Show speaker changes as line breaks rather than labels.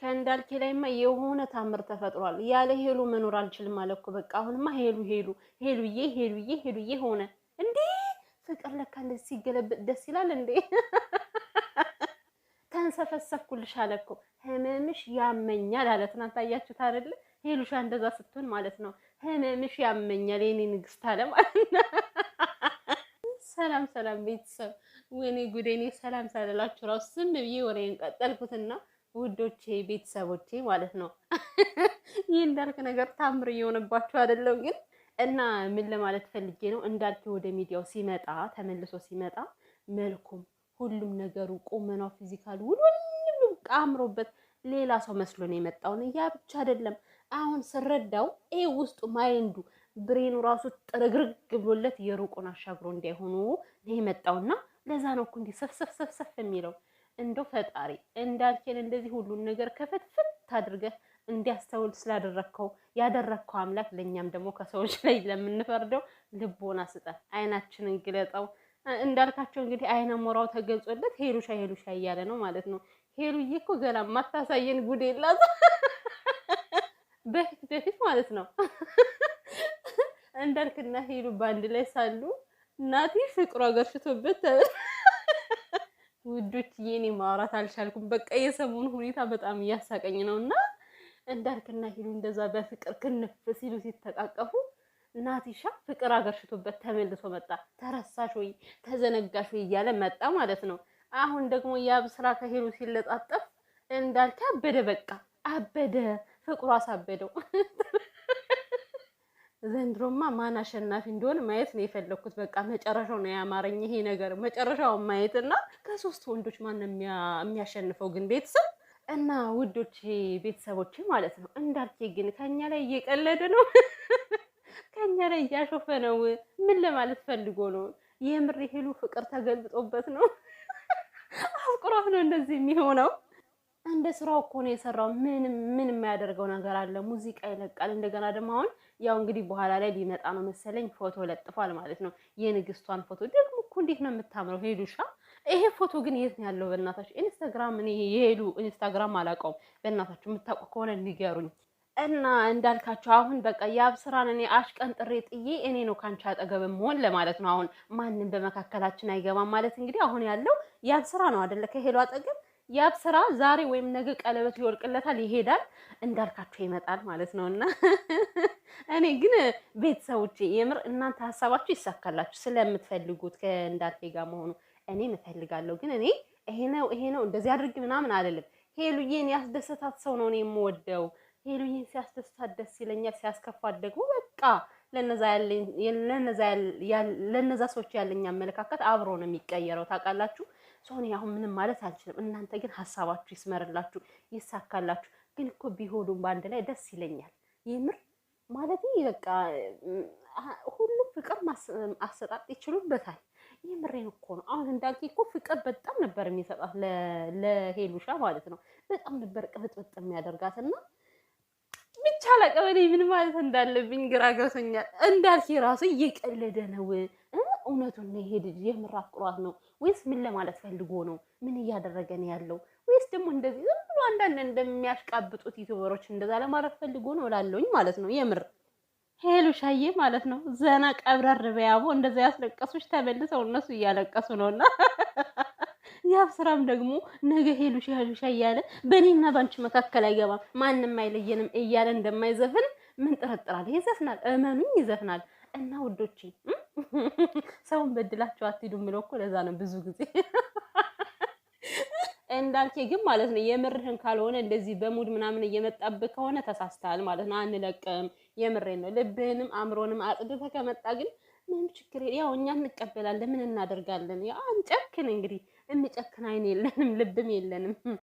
ከእንዳልኬ ላይማ የሆነ ታምር ተፈጥሯል። ያለ ሄሉ መኖር አልችልም አለ እኮ በቃ አሁንማ ሄሉ ሄሉ ሄሉዬ ሄሉዬ ሄሉዬ ሆነ እንዴ! ፍቅር ለካ እንደዚህ ሲገለብጥ ደስ ይላል እንዴ! ተንሰፈሰፍኩልሽ አለ እኮ ህመምሽ ያመኛል አለ። ትናንት አያችሁት አይደለ? ሄሉሻ እንደዛ ስትሆን ማለት ነው ህመምሽ ያመኛል የኔ ንግስት አለ ማለት ነው። ሰላም ሰላም ቤተሰብ፣ ወይኔ ጉዴኔ። ሰላም ሳልላችሁ ራሱ ስም ብዬ ወሬን ቀጠልኩትና ውዶቼ ቤተሰቦቼ ማለት ነው። ይህ እንዳልክ ነገር ታምር እየሆነባቸው አይደለም ግን እና ምን ለማለት ፈልጌ ነው እንዳልክ ወደ ሚዲያው ሲመጣ ተመልሶ ሲመጣ መልኩም ሁሉም ነገሩ ቁመናው፣ ፊዚካል ሁሉም አምሮበት ሌላ ሰው መስሎ ነው የመጣውን። ያ ብቻ አይደለም አሁን ስረዳው ይሄ ውስጡ ማይንዱ ብሬኑ ራሱ ጥርግርግ ብሎለት የሩቁን አሻግሮ እንዳይሆኑ ነው የመጣውና ለዛ ነው እኮ እንዲህ ሰፍሰፍ ሰፍሰፍ የሚለው እንደው ፈጣሪ እንዳልኬን እንደዚህ ሁሉን ነገር ከፍትፍት አድርገህ እንዲያስተውል ስላደረግከው ያደረግከው አምላክ ለእኛም ደግሞ ከሰዎች ላይ ለምንፈርደው ልቦና ስጠን፣ አይናችንን ግለጠው። እንዳልካቸው እንግዲህ አይነ ሞራው ተገልጾለት ሄሉሻ ሄሉሻ እያለ ነው ማለት ነው። ሄሉዬ እኮ ገና ማታሳየን ጉድ የላት በፊት በፊት ማለት ነው እንዳልክና ሄሉ በአንድ ላይ ሳሉ ናቲ ፍቅሩ አገርሽቶበት ውዶች የኔ ማውራት አልቻልኩም። በቃ የሰሞኑ ሁኔታ በጣም እያሳቀኝ ነው እና እንዳልክና ሂሉ እንደዛ በፍቅር ክንፍ ሲሉ ሲተቃቀፉ ናቲሻ ፍቅር አገርሽቶበት ተመልሶ መጣ። ተረሳሽ ወይ ተዘነጋሽ ወይ እያለ መጣ ማለት ነው። አሁን ደግሞ የአብስራ ከሂሉ ሲለጣጠፍ እንዳልክ አበደ። በቃ አበደ፣ ፍቅሩ አሳበደው። ዘንድሮማ ማን አሸናፊ እንደሆነ ማየት ነው የፈለግኩት። በቃ መጨረሻው ነው ያማረኝ ይሄ ነገር መጨረሻውን ማየት እና ከሶስት ወንዶች ማን የሚያሸንፈው ግን ቤተሰብ እና ውዶች ቤተሰቦች ማለት ነው። እንዳልኬ ግን ከኛ ላይ እየቀለደ ነው፣ ከኛ ላይ እያሾፈ ነው። ምን ለማለት ፈልጎ ነው? የምር ሄሉ ፍቅር ተገልብጦበት ነው፣ አፍቅሯት ነው እንደዚህ የሚሆነው። እንደ ስራው እኮ ነው የሰራው። ምንም ምን የሚያደርገው ነገር አለ? ሙዚቃ ይለቃል። እንደገና ደግሞ አሁን ያው እንግዲህ በኋላ ላይ ሊመጣ ነው መሰለኝ ፎቶ ለጥፏል ማለት ነው። የንግስቷን ፎቶ ደግሞ እኮ እንዴት ነው የምታምረው ሄዱሻ። ይሄ ፎቶ ግን የት ነው ያለው? በእናታችሁ ኢንስታግራም፣ እኔ የሄዱ ኢንስታግራም አላውቀውም። በእናታችሁ የምታውቁ ከሆነ ንገሩኝ። እና እንዳልካቸው አሁን በቃ የአብስራን እኔ አሽቀን ጥሬ ጥዬ እኔ ነው ካንቺ አጠገብ መሆን ለማለት ነው። አሁን ማንም በመካከላችን አይገባም ማለት እንግዲህ አሁን ያለው የአብስራ ነው አደለ? ከሄሉ አጠገብ ያብ ስራ ዛሬ ወይም ነገ ቀለበት ይወልቅለታል፣ ይሄዳል፣ እንዳልካቸው ይመጣል ማለት ነው። እና እኔ ግን ቤተሰቦች የምር እናንተ ሀሳባችሁ ይሳካላችሁ ስለምትፈልጉት ከእንዳልፌ ጋር መሆኑ እኔ እፈልጋለሁ። ግን እኔ ይሄ ነው ይሄ ነው እንደዚህ አድርግ ምናምን አይደለም። ሄሉዬን ያስደሰታት ሰው ነው እኔ የምወደው። ሄሉዬን ሲያስደስታት ደስ ይለኛል፣ ሲያስከፋት ደግሞ በቃ ለነዛ ሰዎች ያለኝ አመለካከት አብሮ ነው የሚቀየረው። ታውቃላችሁ ሶኔ አሁን ምንም ማለት አልችልም። እናንተ ግን ሀሳባችሁ ይስመርላችሁ፣ ይሳካላችሁ። ግን እኮ ቢሆኑም በአንድ ላይ ደስ ይለኛል። የምር ማለት በቃ ሁሉም ፍቅር አሰጣጥ ይችሉበታል። የምሬን እኮ ነው። አሁን እንዳልክ እኮ ፍቅር በጣም ነበር የሚሰጣት ለሄሉሻ ማለት ነው። በጣም ነበር ቅብጥብጥ የሚያደርጋት እና ብቻ ለቀበሌ ምን ማለት እንዳለብኝ ግራ ገብቶኛል። እንዳልክ ራሱ እየቀለደ ነው እውነቱን ነው ይሄ ልጅ የምር አፍቅሯት ነው ወይስ ምን ለማለት ፈልጎ ነው? ምን እያደረገ ነው ያለው? ወይስ ደግሞ እንደዚህ ዝም ብሎ አንዳንድ እንደሚያሽቃብጡት ዩቱበሮች እንደዛ ለማለት ፈልጎ ነው ላለውኝ ማለት ነው። የምር ሄሉ ሻዬ ማለት ነው። ዘና ቀብረር በያቦ እንደዚ ያስለቀሱች ተመልሰው እነሱ እያለቀሱ ነው። ነውና ያብ ስራም ደግሞ ነገ ሄሉ ሻሉሻ እያለ በእኔና ባንቺ መካከል አይገባም ማንም አይለየንም እያለ እንደማይዘፍን ምን ጥርጥር ይዘፍናል፣ እመኑኝ ይዘፍናል። እና ውዶቼ ሰውን በድላችሁ አትሄዱ የምለው እኮ ለዛ ነው። ብዙ ጊዜ እንዳልኬ ግን ማለት ነው የምርህን ካልሆነ እንደዚህ በሙድ ምናምን እየመጣብህ ከሆነ ተሳስተሃል ማለት ነው። አንለቅም። የምሬን ነው። ልብህንም አእምሮንም አጽድተህ ከመጣ ግን ምንም ችግር ያው እኛ እንቀበላለን። ምን እናደርጋለን? ያው እንጨክን እንግዲህ፣ እንጨክን አይን የለንም፣ ልብም የለንም።